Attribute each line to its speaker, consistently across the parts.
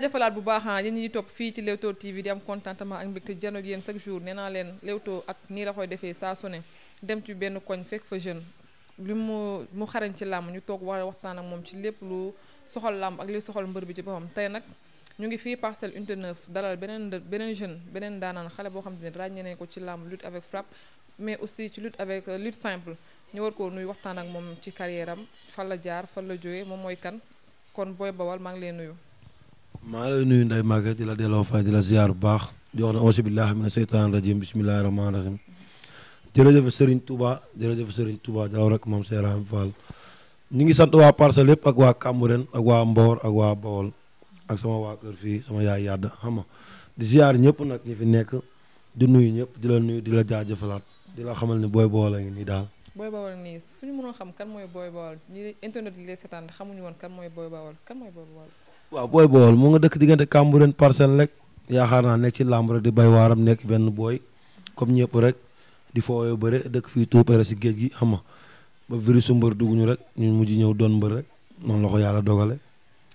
Speaker 1: jaajëfalaat bu baax ah, yéen ñi topp fii ci Leewtoo TV di am contentement ak mbégte jano ak yéen chaque jour neena naa leen Leewtoo ak nii la koy defee saa su dem ci benn koñ fekk fa jeune li mu mu xarañ ci làmb ñu toog war waxtaan ak moom ci lépp lu soxal làmb ak li soxal mbër bi ci boppam tey nag ñu ngi fii parcelle unité dalal beneen beneen jeune beneen daanan xale boo xam te ne ràññee nañ ko ci làmb lutte avec frappe mais aussi ci lutte avec euh, lutte simple ñu war koo nuy waxtaan ak moom ci carrière fan la jaar fan la jógee moom mooy kan kon booy bawal maa ngi leen
Speaker 2: maa ngi lay nuyu Ndeye Maguette di la delloo fay di la ziar bu baax di wax ne auzu billaahi mina seytaani rajiim bismillaahi rahmaani rahiim jërëjëf Serigne Touba jërëjëf Serigne Touba jaaw rek moom Serigne Fall ñu ngi sant waa Parcelles yëpp ak waa Cambérène ak waa Mbor ak waa Bawol ak sama waa kër fii sama yaay yàdda xam nga di ziar ñëpp nag ñi fi nekk di nuyu ñëpp di la nuyu di la jaajëfalaat di la xamal ni booy bool a ngi nii daal.
Speaker 1: Boy Baol nii suñu mënoo
Speaker 2: waaw booy bool mu nga dëkk diggante Cambérène parcelle rek yaakaar naa nekk ci làmb rek di bay waaram nekk benn booy comme ñëpp rek di fooyoo bëre dëkk fii tuupere si géej gi xam nga ba virisu mbër dugg ñu rek ñun mujj ñëw doon mbër rek noonu la yàlla dogale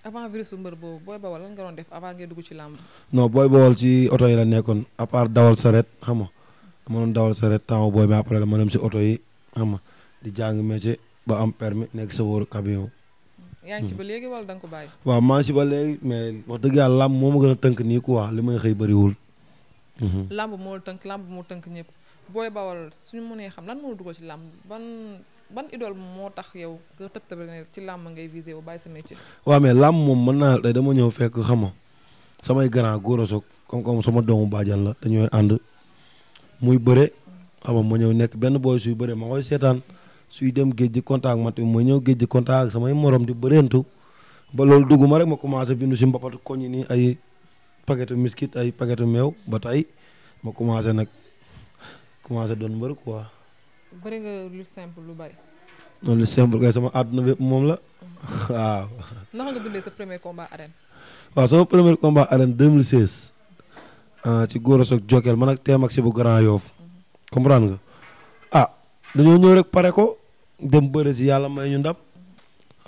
Speaker 1: avant virisu mbër boobu booy bawal lan nga doon def avant ngay dugg ci làmb
Speaker 2: non booy bawal ci oto yi la nekkoon à dawal saret xam nga ma dawal saret temps booy mais la ma dem si oto yi xam di jàng métier ba am permis nekk sa wóoru camion yaa ngi ci ba
Speaker 1: léegi wala da nga ko bàyyi.
Speaker 2: waaw maa ngi ci ba léegi mais wax dëgg yàlla làmb moo ma gën a tënk nii waa li may xëy bëriwul.
Speaker 1: Mhm. làmb moo tënk làmb moo tënk ñëpp booy bawal suñu mënee xam lan moo dugal ci làmb ban ban idole moo tax yow nga tëb tëb ne ci làmb ngay visé wu bàyyi sa métier. waaw
Speaker 2: mais làmb moom mën naa tey dama ñëw fekk xam nga samay grand góor a soog comme comme sama doomu baajan la dañooy ànd muy bëre xam nga ma ñëw nekk benn booy suy bëre ma koy seetaan. suy dem géej di contact man tamit ma ñëw géej di contact ak samay morom di bërentu ba loolu dugg ma rek ma commencé bindu si mbapat koñi nii ay paquetu miskit ay paquetu meew ba tey ma commencé nag commencé doon mbër quoi.
Speaker 1: bëri nga lu lu bari.
Speaker 2: non lu simple kay sama àdduna bépp moom la waaw.
Speaker 1: naka nga dundee sa premier combat arène.
Speaker 2: waaw sama premier combat arène ah, ci góor a soog Jokal man ak teem ak si bu Grand Yoff mhm. comprendre nga ah dañoo ñëw rek pare ko dem bëre si yàlla may ñu ndam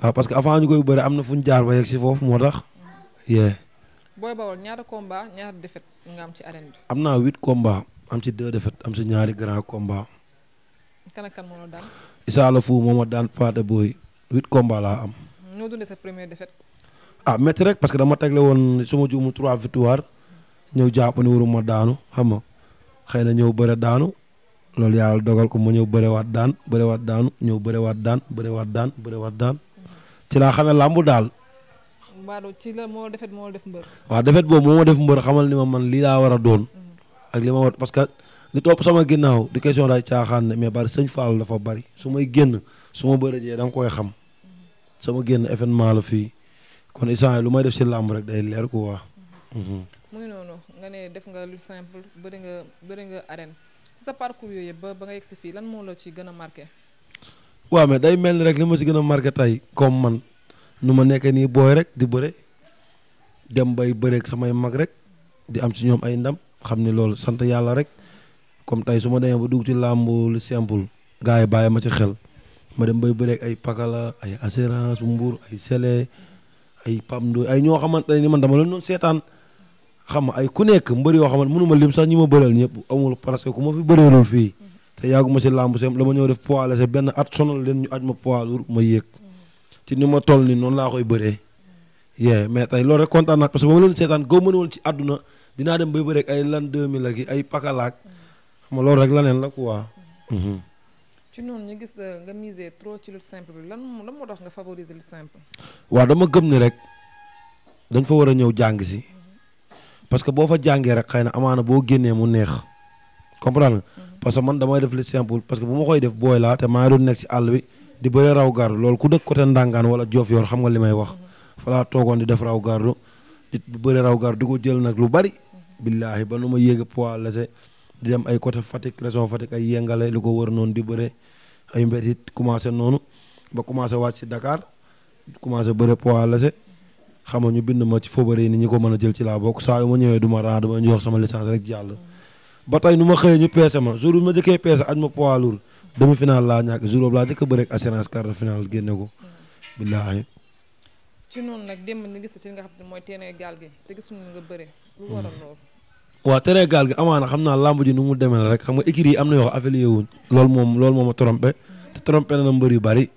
Speaker 2: waaw parce que avant ñu koy bëre am na fu ñu jaar ba yegg si foofu moo tax.
Speaker 1: Boy Baol ñaata combat ñaata défaite nga am ci arène bi.
Speaker 2: am naa huit combat am ci deux défaite am si ñaari grand combat.
Speaker 1: kan ak la daan.
Speaker 2: Issa la moom a daan Pathé Boy huit combat laa am.
Speaker 1: ñoo dundee sa première défaite.
Speaker 2: ah métti rek parce que dama tegle woon su ma juumul trois victoire ñëw jàpp ne waruma daanu xam nga na ñëw bëre daanu. loolu yàlla dogal ko mu ñëw bëriwaat daan bëriwaat daanu ñëw bëriwaat daan bëriwaat daan bëriwaat daan ci laa xamee làmb daal.
Speaker 1: waaw ci la moo defet moo def mbër.
Speaker 2: waaw defet boobu moo def mbër xamal ni ma man lii laa war a doon. ak li ma war parce que li topp sama ginnaaw di question daay caaxaan ne mais bari sëñ Fall dafa bari su may génn su ma bëree jee da nga koy xam. sama génn événement la fii kon instant lu may def si làmb rek day leer quoi.
Speaker 1: muy noonu nga ne def nga lu simple bëri nga bëri nga arène. sa parcours yooyu ba ba nga yegg si fii lan moo la ci gën a marke
Speaker 2: waaw mais day mel ni rek li ma si gën a marqué tey comme man nu ma nekkee nii booy rek di bëre dem bay bëreek samay mag rek di am si ñoom ay ndam xam ne loolu sant yàlla rek comme tey su ma demee ba dugg ci làmbu lu simple gaa yi bàyyi ma ci xel ma dem bay bëreeg ay pakala ay assurance bu mbuur ay sele ay pam ay ñoo xamante ne man dama leen doon seetaan. xam nga ay ku nekk mbër yoo xam ne mënu ma lim sax ñi ma bëreel ñëpp amul parce que ku ma fi bëreelul fii te yàggu ma si làmb sem la ma ñëw def poids la sa ma noonu laa koy bëree yee mais tey loolu kontaan naa parce que ba ma leen seetaan goo mënu woon ci bay bëri ay lan 2000 la ki loolu rek laneen la quoi mhm.
Speaker 1: ci noonu ñu gis nga miser trop ci lutte simple bi lan lan moo tax nga favoriser lutte simple.
Speaker 2: waaw dama gëm ni rek dañ fa war a ñëw jàng si parce que boo fa jàngee rek xëy na amaana boo génnee mu neex comprendre nga mm-hmm. parce que man damay def li simple parce que bu ma koy def booy laa te maa ngi doon nekk si àll bi di bëri raw gardu lool ku dëkk côté ndàngaan wala joof yor xam nga li may wax mm-hmm. fa toogoon di def raw gardu di bëri raw gardu di ko jël nag lu bari mm-hmm. billaahi ba nu ma yéege poids lese di dem ay côté Fatick région Fatick ay yengale lu ko wër noonu di bëre ay mbet it commencé noonu ba commencé wàcc si Dakar commencé bëre poids lese xam nga ñu bind ma ci fobare yi ni ñu ko mën a jël ci laa bokk saa yu ma nu ma xëyee ñu ma jour bi ma jëkkee peese aj ma poids lourd demi final a bëreeg assurance quart de finale génne ko. billaahi.
Speaker 1: ci noonu nag démb ñu gis ci gaal gi te gisuñu nga
Speaker 2: hmm. xam naa mu demee la rek xam nga écurie yi am na yoo xam affilié wuñ loolu moom loolu moom a trompé te trompé na mbër yu bari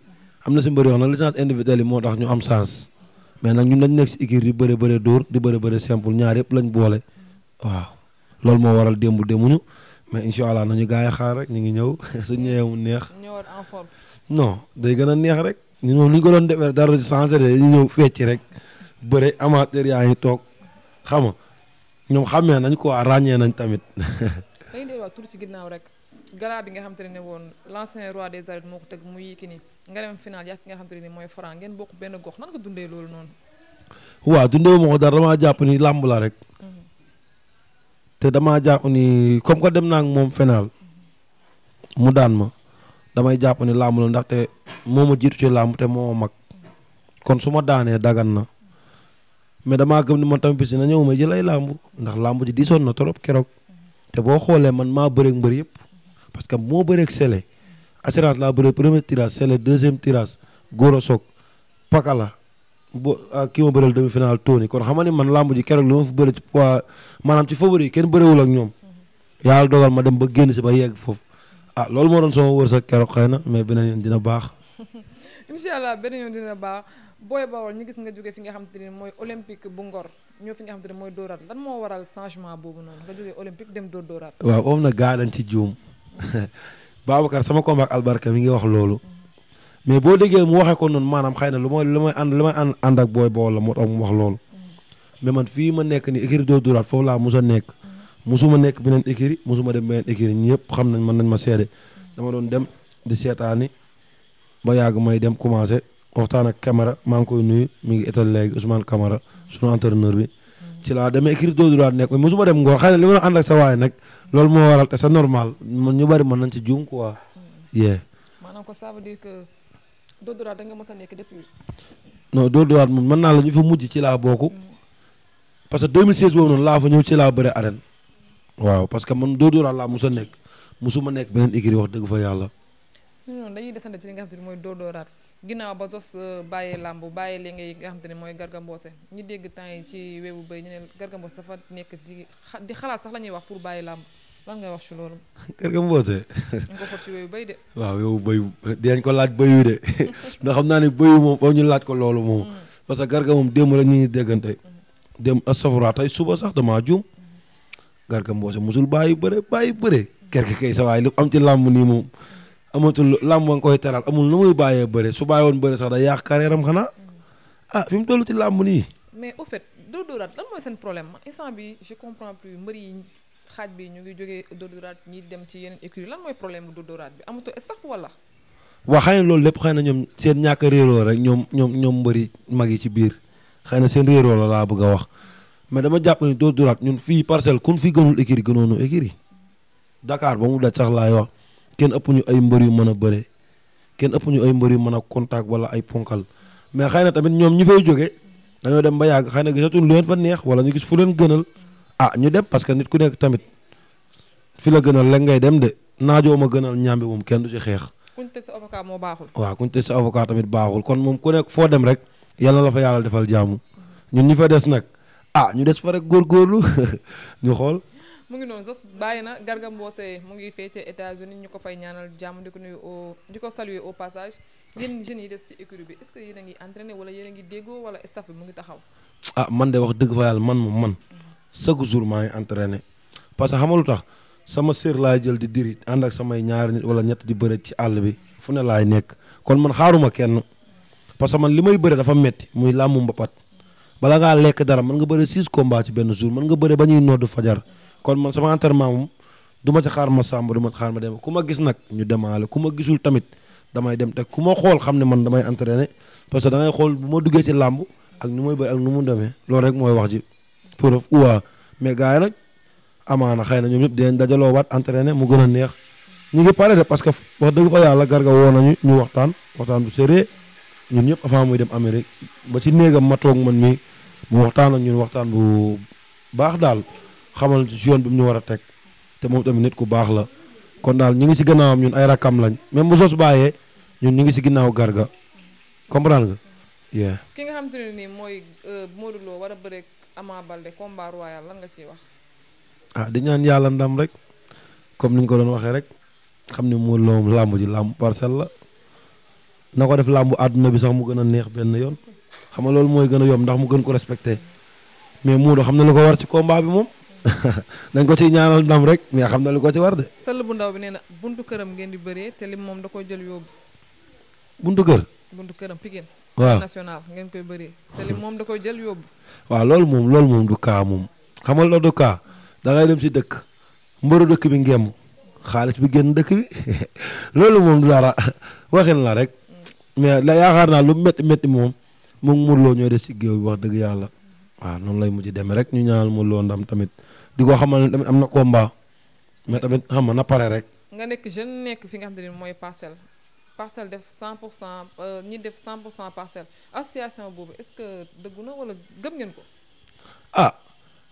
Speaker 2: am na si mbër yoo xam nag licence individuelle yi moo tax ñu am sens mais nag ñun dañ nekk si équipe di bëre bëre dóor di bëre bëre simple ñaar yëpp lañ boole waaw loolu moo waral démb demuñu mais incha allah nañu gars yi xaar rek ñu ngi ñëw su ñëwee mu neex. ñëwaat en force. non day gën a neex rek ñun moom li ñu ko doon defee dara du changé de ñu ñëw fecc rek bëre amateur yaa ngi toog xam nga ñoom xamee nañ ko ràññee nañ tamit.
Speaker 1: ci ginnaaw rek. gala bi nga xamante ne woon l'ancien roi des arènes moo ko teg mu Yékini nga dem final yaa nga xamante ne mooy Franc ngeen bokk benn gox nan nga dundee loolu noonu.
Speaker 2: waaw dundee moo ma damaa jàpp ni làmb la rek. Mhm. te damaa comme que dem naa moom final. mu daan ma damay jàpp ni làmb la ndaxte moo ma jiitu ci làmb te moo mag kon su ma daanee dagan na mais damaa gëm ni man tamit bis na ñëw ma jël ay làmb ndax làmb ji diisoon na trop keroog mhm. te boo xoolee man maa bëreeg mbër yëpp parce que moo bëre ak Sele assurance laa bëre premier tirage Sele deuxième tirage Goro Sock Pakala bo ah, ki ma bëreel demi-finale Tony kon xam nga ne man làmb ji keroog li ma fa bëre ci poids maanaam ci favori yi kenn bëreewul ak ñoom yàlla dogal ma dem ba génn si ba yegg foofu ah loolu moo doon sama wërsëg keroog xëy na mais beneen yoon dina baax.
Speaker 1: incha allah beneen yoon dina baax Boy Baol ñu gis nga jógee fi nga xam mooy olympique bu ñoo fi nga xam te ne mooy lan moo waral changement boobu noonu nga jógee olympique dem dóor dóoraat. waaw
Speaker 2: om na gaa Babacar sama combat ak albarka mi ngi wax loolu mais boo déggee mu waxee ko noonu maanaam xay na lu may lu may ànd lu may ànd ak booy boo la moo tax mu wax loolu mais man fii ma nekk nii écurie Dóor Dóoraat foofu laa mos a nekk mosuma nekk neen écurie mosuma dem beneen écurie ñëpp xam nañ man nañ ma seede dama doon dem di seetaani ba yàgg may dem commencé waxtaan ak Camara maa ngi koy nuyu mi ngi étal léegi Ousmane Camara sunu entraîneur bi ci laa demee écrire doo duraat nekk mosuma dem ngor xëy na li ma ànd ak sa waay nag loolu moo waral te c'est normal man ñu bari mën
Speaker 1: ko ça veut dire que doo duraat da a nekk depuis.
Speaker 2: non doo duraat moom naa la ñu fa mujj ci laa bokk. Mm. parce que 2016 boobu noonu laa fa ñëw ci laa bëre waaw parce que man doo duraat laa mos a nekk mosuma nekk beneen écrire wax dëgg fa yàlla.
Speaker 1: ginnaaw ba Zoss euh, bàyyee làmb bàyyee li ngay nga xam te ne mooy Garga Mbossé ñi dégg temps yi ci weebu bay ñu ne Garga Mbossé dafa nekk di xalaat sax la ñuy wax pour bàyyi làmb lan ngay wax ci loolu.
Speaker 2: Garga Mbossé.
Speaker 1: ko de.
Speaker 2: waaw weebu bay dinañ ko laaj bayu de ndax xam naa ne bayu moom foofu ñu laaj ko loolu moom. Mm-hmm. parce que Garga moom démb la ñu ngi déggante. Mm-hmm. démb ak ah, safara tey suba sax damaa juum. Mm-hmm. Garga Mbossé musul bàyyi bëre bàyyi bëre. kër kay sa waay lu am ci làmb nii moom. amatul làmb nga koy teral amul nu muy bàyyee bëre su bàyyi woon bëre sax day yàq carrière am xanaa mm. ah fi mu toll ci làmb nii.
Speaker 1: mais au fait dóor dóoraat lan seen problème instant bi je comprends yi xaaj bi ñu ngi jógee dóor dóoraat ñi dem ci yeneen écurie lan mooy problème bu dóor dóoraat bi amatul staff wala.
Speaker 2: waa xëy na loolu lépp xëy na ñoom seen ñàkk réeroo rek ñoom ñoom ñoom mbëri mag yi ci biir xëy na seen réeroo la laa bëgg a wax mais dama jàpp ni dóor dóoraat ñun fii parcelle kun fi gënul écurie gënoonu écurie Dakar ba mu daj sax laay wax kenn ëpp ñu ay mbër yu mën a bëre kenn ëpp ñu ay mbër yu mën a contact wala ay ponkal mais xëy na tamit ñoom ñi fay jóge dañoo dem ba yàgg xëy na gisatuñ lu leen fa neex wala ñu gis fu leen gënal ah ñu dem ku nekk tamit fi la gënal léegi ngay de naajoo ma gënal ñaambi moom kenn du ci xeex. kuñ
Speaker 1: tëj sa avocat moo baaxul.
Speaker 2: waaw kuñ tëj sa avocat tamit baaxul kon rek yàlla la fa yàlla defal jaamu ñun ñi fa des nag ah ñu des fa rek góorgóorlu ñu xool
Speaker 1: mu ngi noonu Zoss bàyyi na Garga Mbossé mu ngi fee ca États-Unis ñu ko fay ñaanal jàmm di ko ko saluer au passage yéen yi des ci écurie bi est-ce que yéen a ngi entraîné wala yéen déggoo wala staff bi mu ngi taxaw.
Speaker 2: ah man de wax dëgg fa yàlla man moom man chaque jour maa ngi entraîné parce que xam nga lu tax sama sër laa jël di diri ànd ak samay ñaari nit wala ñett di bëre ci àll bi fu ne laay nekk kon man xaaruma kenn parce que man li may bëre dafa metti muy làmb mbapat bala ngaa lekk dara mën nga bëre six combats ci benn jour mën nga bëre ba ñuy nodd fajar. kon man sama entraînement moom du ma ci xaar ma sàmb du ma xaar ma dem ku ma gis nag ñu demaale ku ma gisul tamit damay dem te ku ma xool xam ne man damay entraîné parce que dangay xool bu ma duggee ci làmb ak nu muy bëri ak nu mu demee loolu rek mooy wax ji pour uwa mais gars yi nag amaana xëy na ñoom ñëpp den dajaloo waat entraîné mu gën a neex ñu ngi pare de parce que wax dëgg fa yàlla garga woo nañu ñu waxtaan waxtaan bu sérée ñun ñëpp avant muy dem rek ba ci néegam ma toog man mi mu waxtaan ak waxtaan bu baax daal xamal ci yoon bi mu ñu war a teg te moom tamit nit ku baax la kon daal ñu ngi ci si gannaawam ñun ay rakkam lañ même bu sos bàyyee ñun ñu ngi ci ginnaaw garga comprendre nga.
Speaker 1: ki nga xam nii mooy euh, Modou Lo war a bëre Ama Baldé combat lan nga ciy wax.
Speaker 2: ah di ñaan yàlla ndam rek comme ni ñu ko doon waxee rek xam ne Modou Lo moom làmb ji làmb parcelle la na ko def làmbu àdduna bi sax mu gën a neex benn yoon xam nga loolu mooy gën a yomb ndax mu gën ko respecté mais Modou xam na lu ko war ci combat bi moom. dañ ko ci ñaanal ndam rek mais xam na lu ko ci war de.
Speaker 1: sëll bu ndaw bi nee na buntu këram ngeen di bëree te moom da ko jël yóbbu. kër. buntu këram Pikine. waaw national ngeen koy bëree moom da koy jël yóbbu.
Speaker 2: waa loolu moom loolu moom du kaa moom xam nga loolu du kaa da dem si dëkk mbëru dëkk bi ngeem xaalis bi gën dëkk bi loolu moom du dara waxin la rek mais la yaakaar naa lu métti métti moom moom mu loo ñooy des si géew bi wax dëgg yàlla waa noonu lay mujj demee rek ñu ñaanal Modou Lo ndam tamit. di ko xamal ne tamit am na combat mais tamit xam nga na pare rek.
Speaker 1: nga nekk jeune nekk fi nga xam te ne mooy parcelle parcelle def 100 pour cent euh, ñi def 100 pour cent parcelle association boobu est-ce que dëggu na wala gëm ngeen ko.
Speaker 2: ah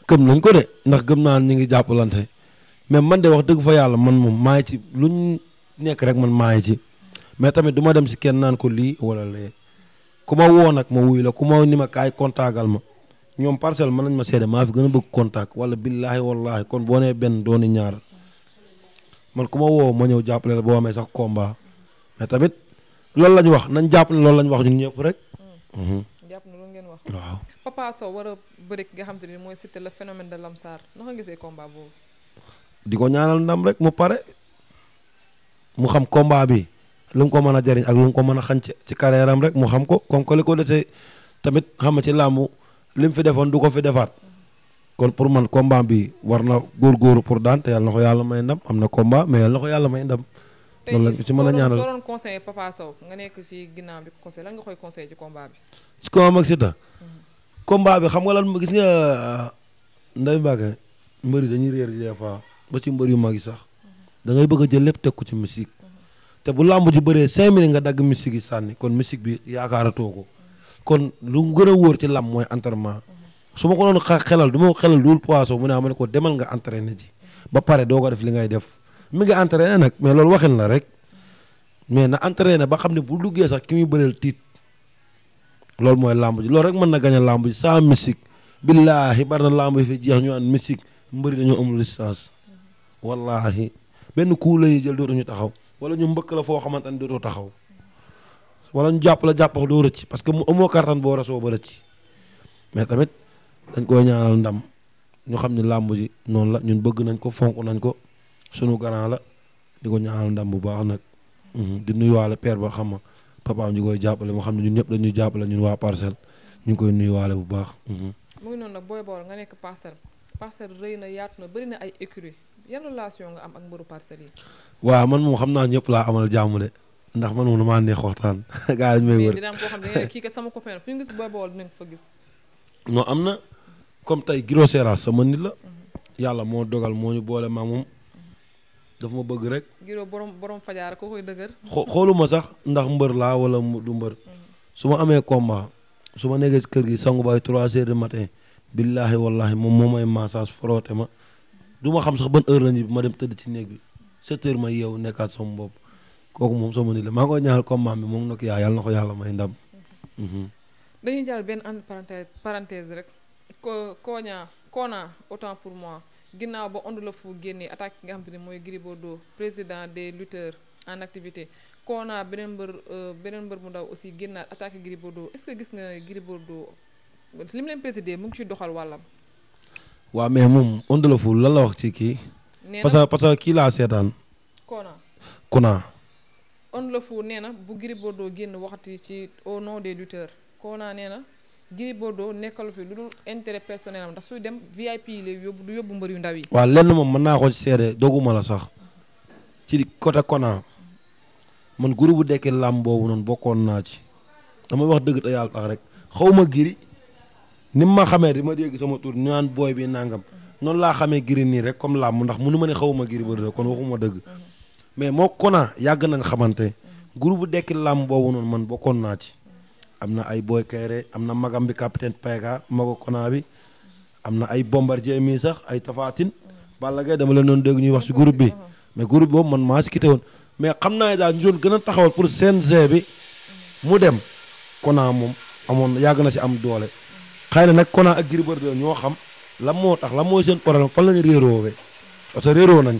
Speaker 2: gëm nañ ko de ndax gëm naa ñu ngi jàppalante mais man de wax dëgg fa yàlla man moom maa ngi ci luñ nekk rek man maa ngi ci mais tamit duma dem si kenn naan ko lii wala lee ku ma woo nag ma wuy la ku ma ni ma kaay kontaagal ma. ñoom parcelle mën nañ ma seede maa fi gën a bëgg contact wala billaahi wallaahi kon boo nee benn dooni ñaar man ku ma woo ma ñëw jàppale la boo amee sax combat mais tamit loolu la ñu wax nañ jàpp ne loolu la wax ñun ñëpp rek. Mm. Mm-hmm. jàpp na loolu
Speaker 1: wax. waaw Papa Sow war a bëri ki nga xam te ne mooy Siteu le phénomène de Lamsar naka gisee combat boobu.
Speaker 2: di ko ñaanal ndam rek mu pare mu xam combat bi lu mu ko mën a jariñ ak lu mu ko mën a xañ ci carrière rek mu xam ko comme que li ko desee lim fi defoon du ko fi defaat kon pour man combat bi war na góorgóoru pour daan te yàlla na ko yàlla may ndam am na combat mais yàlla na ko yàlla may ndam. loolu lañ ko a ñaanal tey soo
Speaker 1: doon conseillé Papa Sow nga nekk ci ginnaaw bi conseil lan nga koy conseillé ci mhm.
Speaker 2: combat bi. xam nga lan gis nga Ndeye Mbacke mbër dañuy réer des fois ba ci mbër mag sax mhm. da ngay bëgg a jël lépp teg ko ci musique mhm. te bu làmb ji bëree cinq minutes nga dagg musique yi sànni kon musique bi yaakaaratoo ko. kon lu gën a wóor ci lam mooy entraînement su ma ko doon xelal du ma ko xelal luul poisson mu ah, ma ne ko demal nga na ji ba pare doo ko def li ngay def mi nga entraîné nag mais loolu waxin na rek mais na entraîné ba xam ne bu duggee sax ki muy bëreel tiit loolu mooy làmb ji loolu rek mën na gañ a làmb ji sans mystique billaahi bari na làmb yi fi jeex ñu an mystique mbëri dañoo amul distance wallaahi benn coup la ñuy jël ñu taxaw wala ñu mbëkk la foo xamante ne dootoo taxaw wala ñu jàpp la jàppax doo rëcc parce que mu amoo kartan boo rasoo ba rëcc mais tamit dañ koy ñaanal ndam ñu xam ne làmb ji noonu la ñun bëgg nañ ko fonk nañ ko suñu grand la di ko ñaanal ndam bu baax nag mhm. di nuyuwaale père ba xam ma papaam ñu koy jàppale mu xam ne ñun ñëpp dañuy jàppale ñun waa parcelle ñu ngi koy nuyuwaale bu baax. Mhm.
Speaker 1: mu ngi noonu nag booy bool nga nekk parcelle parcelle rëy na yaatu na bëri na ay écurie yan relation nga am ak mbëru parcelles yi.
Speaker 2: waaw man moom xam naa ñëpp laa amal jàmm ndax man moom damaa neex waxtaan. gaa yi ne
Speaker 1: kii sama copain fu ñu gis booy bool dinañ
Speaker 2: am na comme tey Girosera sama nit la. Mhm. yàlla moo dogal moo ñu boole maa moom. daf ma bëgg rek.
Speaker 1: Giro borom borom fajaar koy dëgër. xooluma
Speaker 2: sax ndax mbër laa wala du mbër. Mhm. su ma amee combat su ma nekkee ci kër gi sangu baay trois heures du matin. billaahi wallaahi moom moo may massage frotté ma. Mhm. du ma xam sax ban heure la ñu ma dem tëdd ci néeg bi sept heures ma yeewu nekkaat sama bopp. kooku moom sama nit la maa ngi koy ñaanal combat bi moom nag yaa yàlla na ko yàlla may ndam. Mhm.
Speaker 1: dañuy jàll benn entre parenthèse parenthèse rek ko koña koona autant pour moi ginnaaw ba Onde le Fou génnee attaque nga xam te ne mooy Gris Bordeaux président des lutteurs en activité koona beneen euh, beneen mbër mu ndaw aussi génnaat attaque Gris Bordeaux est que gis nga Gris Bordeaux li mu leen présider mu ngi ciy doxal wàllam.
Speaker 2: waaw mais moom Onde le Fou lan la wax ci kii. parce que parce que kii laa seetaan. koona
Speaker 1: on le fou nee na bu Gris doo génn waxati ci au nom des lutteurs Kona nee na Gris doo nekkalu fi lu dul intérêt personnel am ndax suy dem VIP yi lay yóbbu du yóbbu mbër yu ndaw yi. waa lenn
Speaker 2: moom mën naa ko seede doguma la sax ci côté Kona man groupe Dekkel Lamb boobu noonu bokkoon naa ci damay wax dëgg te yàlla tax rek xawuma ma Gris ni ma xamee di ma dégg sama tur ñu booy bi nangam noonu laa xamee Gris nii rek comme làmb ndax mënu ma ne xaw ma Gris Bordeaux kon waxuma dëgg. Mhm. mais moo Kona yàgg nañ xamante groupe dekki làmb boobu noonu man bokkoon naa ci am na ay Boy Kayre am na magam bi capitaine Payka mago Kona bi am na ay Bombardier mii sax ay Tafatine Balla Gaye dama leen doon dégg ñuy wax si groupe bi mais groupe boobu man maa si woon mais xam naa ne daal ñu doon gën a taxawal pour seen CNG bi mu dem Kona moom amoon yàgg na si am doole xëy na nag Kona ak Gris Bordeaux ñoo xam lan moo tax lan mooy seen problème fan la ñu réeroowee parce que réeroo nañ.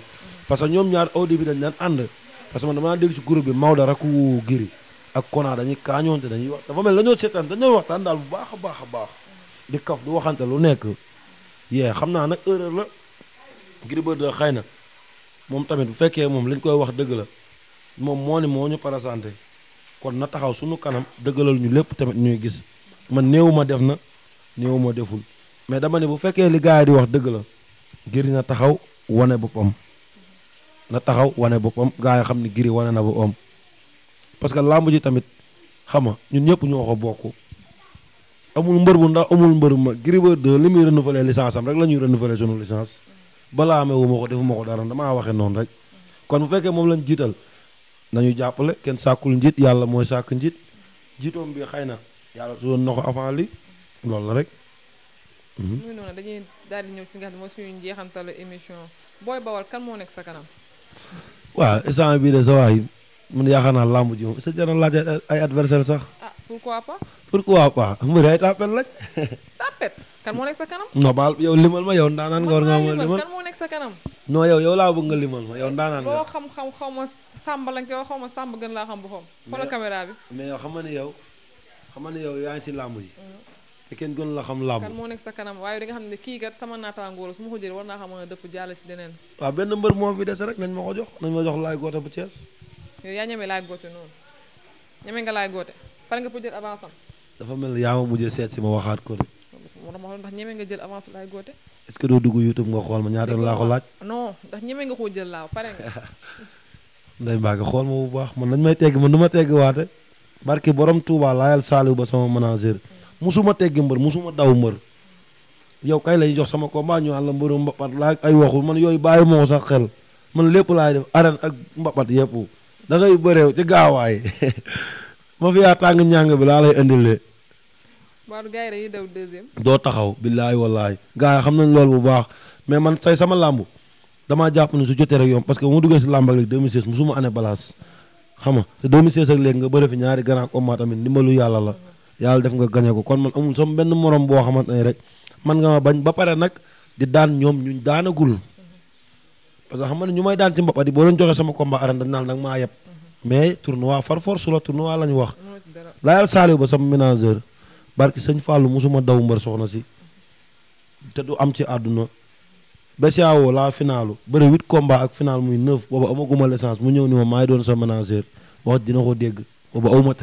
Speaker 2: parce que ñoom ñaar au bi dañ daan ànd parce que man damaa dégg ci groupe bi Maodo raku Giri ak Kona dañuy kaañoonte dañuy wax dafa mel dañoo seetaan dañoo waxtaan daal bu baax a baax a baax di kaf du waxante lu nekk yee xam naa nag erreur la Gris Bordeaux xëy na moom tamit bu fekkee moom lañ koy wax dëgg la moom moo ni moo ñu parasanté kon na taxaw suñu kanam dëggalal ñu lépp tamit ñuy gis man néew ma def na néew ma deful mais dama ne bu fekkee li gars di wax dëgg la Gris na taxaw wane boppam na taxaw wane boppam gaa yi xam ne Gris wane na boppam parce que làmb ji tamit xam nga ñun ñëpp ñoo ko bokk amul mbër bu ndax amul mbër bu mag Gris Bordeaux li muy renouveler licence am rek la ñuy renouveler sunu licence balaa amee wu ko defuma ko dara damaa waxee noonu rek kon bu fekkee moom lañ jiital nañu jàppale kenn sàkkul njiit yàlla mooy sàkk njiit jiitoom bi xay na yàlla doon na ko avant li loolu la rek. muy mhm.
Speaker 1: noonu dañuy di ñëw ci nga xam ne mooy suñu émission Boy Baol kan moo nekk sa
Speaker 2: waaw instant bii de sa waay man yaakaar naa làmb ji moom sa jar laa ay adversaire sax.
Speaker 1: ah pourquoi pas.
Speaker 2: pourquoi pas mbir ay tàppet lañ.
Speaker 1: tàppet kan moo sa kanam.
Speaker 2: non yow limal ma yow ndaanaan nga war nga ma kan moo nekk sa kanam. non yow yow laa bëgg nga limal ma yow ndaanaan nga. loo
Speaker 1: xam-xam xaw ma sàmba lañ koy xaw ma sàmba gën laa xam bu xam.
Speaker 2: ma caméra bi. mais yow xam nga ni yow xam nga ni yow yaa si làmb ji. Mm. la xam làmb kan moo
Speaker 1: nekk sa kanam waaye di nga xam ne kii kat sama naataangoo la su ma ko jëlee war naa a dëpp jàll si deneen ko laay goote ñeme nga laay goote pare nga pour jël avance am
Speaker 2: dafa mel yaa ma mujjee seet si ma waxaat ko de
Speaker 1: moo tax ma ndax ñeme nga jël avance laay goote
Speaker 2: est-ce que doo dugg YouTube nga xool ma ñaata laa ko laaj
Speaker 1: non ndax ñeme nga koo jël laa pare nga
Speaker 2: nday mbaagi xool ma bu baax man nañ may tegg man du ma tegg waate barki borom tuubaa laayal saaliw ba sama manager musuma teggi mbër musuma daw mbër yow kay lañu jox sama combat ñu la mbëru mbapat laa ay waxul man yooyu bàyyi moo sax xel man lépp laay def arène ak mbapat yëpp da ngay bëreew ci gaawaay ma fi yaa tàng ñàng bi laa lay indile.
Speaker 1: Maodo gars yi dañuy daw deuxième.
Speaker 2: doo taxaw billaay wallaay gars xam nañ loolu bu baax mais man tey sama làmb damaa jàpp ne su jotee rek yomb parce que bu duggee si làmb ak léegi 2016 musuma année balance xam nga te 2016 ak léegi nga bëri fi ñaari grand combat tamit ndimbalu yàlla la. yàlla def nga gañe ko kon man amul sama benn morom boo xamante ne rek man nga ma bañ ba pare nag di daan ñoom ñu daanagul parce que xam nga ne ñu may daan ci mbapat yi boo leen joxee sama combat arène dañ naan nag maa yeb mais tournoi far force la tournoi la ñu wax layal saaliw ba sama ménageur barki sëñ Fallou mosuma daw mbër soxna si te du am ci àdduna besiawoo laa finaalu bëri huit combat ak final muy neuf booba amaguma licence mu ñëw ni ma maay doon sa ménageur wax dina ko dégg booba awuma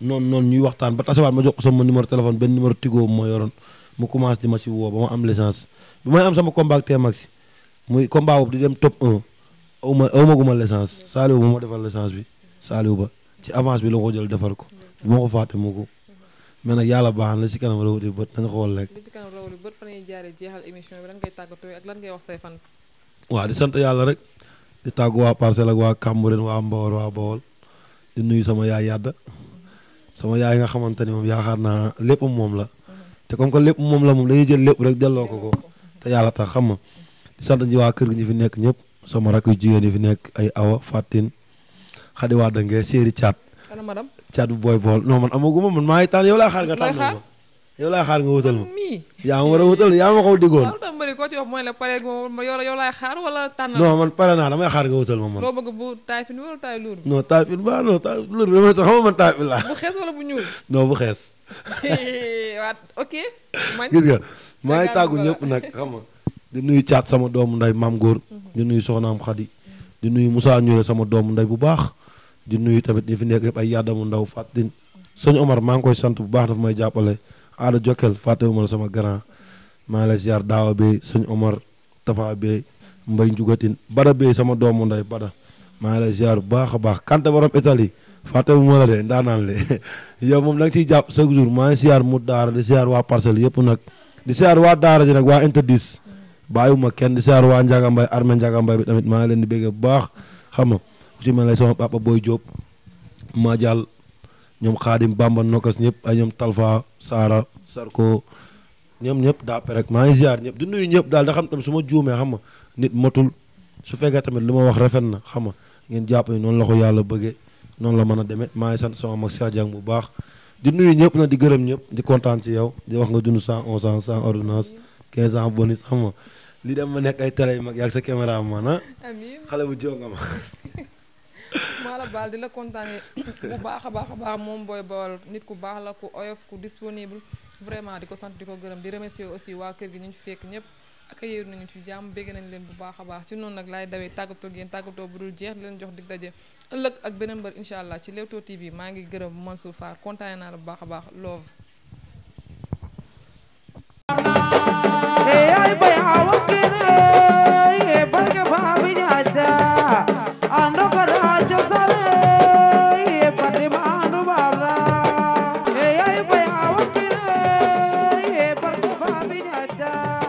Speaker 2: noonu noonu ñuy waxtaan ba tasewaat ma jox ko sama numéro téléphone benn numéro tigo ma yoroon mu commencé di ma si woo ba ma am licence bi may am sama combat ak Tmax muy combat boobu dem top aw ma aw ma guma licence Saliou defal licence bi Saliou ba ci avance bi la ko jël defar ko bu ma ko fàtte ma ko mais nag yàlla baax na si kanam rawati bët nañ xool rek.
Speaker 1: si kanam rawati bët fan yii jaaree
Speaker 2: waaw di sant yàlla rek di tàggu waa Parcelles ak waa Cambérène waa Mbawar waa Bawol di nuyu sama yaay yàdda sama yaay nga xamante ni moom yaakaar na lépp moom la te comme que lépp moom la moom la dañuy jël lépp rek delloo ko ko te yàlla tax xam ma di sant ñi waa kër gi ñu fi nekk ñëpp sama rakk yu jigéen yi fi nekk ay awa Fatin Xadi waa Dengé Séeri Caat. ana madam Caat bu booy bool non man amaguma man maa ngi tànn yow laa xaar nga tànn ma yow laa xaar nga wutal ma yaa ma war a wutal yaa ma ko diggoon
Speaker 1: yow laay xaar wala tànn non
Speaker 2: man pare naa damay xaar nga wutal ma man loo
Speaker 1: bëgg bu taay fin wala taay lourd
Speaker 2: non taay fin ba non taay bu
Speaker 1: xees wala bu ñuul
Speaker 2: non bu xees
Speaker 1: waa gis nga
Speaker 2: maa ngi ñëpp nag xam di nuyu caat sama doomu nday maam góor di nuyu soxnaam xadi di nuyu musaa Ñuule sama doomu nday bu baax di nuyu tamit ñi fi nekk yëpp ay yàddamu ndaw fàttin sëñ Omar maa ngi koy sant bu baax daf may jàppale aada Jokal fàttewu ma sama grand maa ngi lay ziar daawa bi sëñ Omar Tafa bi Mbaye Njugatin Bada bi sama doomu nday Bada maa ngi lay ziar bu baax a baax Kanté borom Italie fàttewu ma la de ndaanaan le yow moom da nga ciy jàpp chaque jour maa ngi mu daara di ziar waa parcelle yëpp nag di ziar waa daara ji nag waa dis interdis bàyyiwuma kenn di ziar waa Ndiaga Mbaye armée bi tamit maa ngi leen di bégge bu baax xam nga ku ci mel ne sama papa Boy Diop maa ñoom xaadim bamba nokkas ñëpp ay ñoom talfa saara sarko ñoom ñëpp daa rek maa ngi ziar ñëpp di nuyu ñëpp daal da xam tam su ma juumee xam nga nit motul su fekkee tamit lu ma wax rafet na xam nga ngeen jàpp ni noonu la ko yàlla bëggee noonu la mën a demee maa ngi sant sama mag Cheikh Dieng bu baax di nuyu ñëpp na di gërëm ñëpp di kontaan ci yow di wax nga dund 111 ans sans ordonnance 15 ans bonus xam nga li dem ma nekk ay télé yu mag yaag sa caméra man ah. amiin xale
Speaker 1: maa la baal di la kontaanee bu baax a baax a baax moom booy bawal nit ku baax la ku oyof ku disponible vraiment di ko sant di ko gërëm di remercier aussi waa kër gi ñu fi fekk ñëpp accueillir nañu ci jàmm bégg nañ leen bu baax a baax ci noonu nag laay dawee tàggatoo ak yéen tàggatoo bu dul jeex leen jox dig daje ëllëg ak beneen mbër incha allah ci Leewtoo TV maa ngi gërëm su Faar kontaanee naa la bu baax a baax love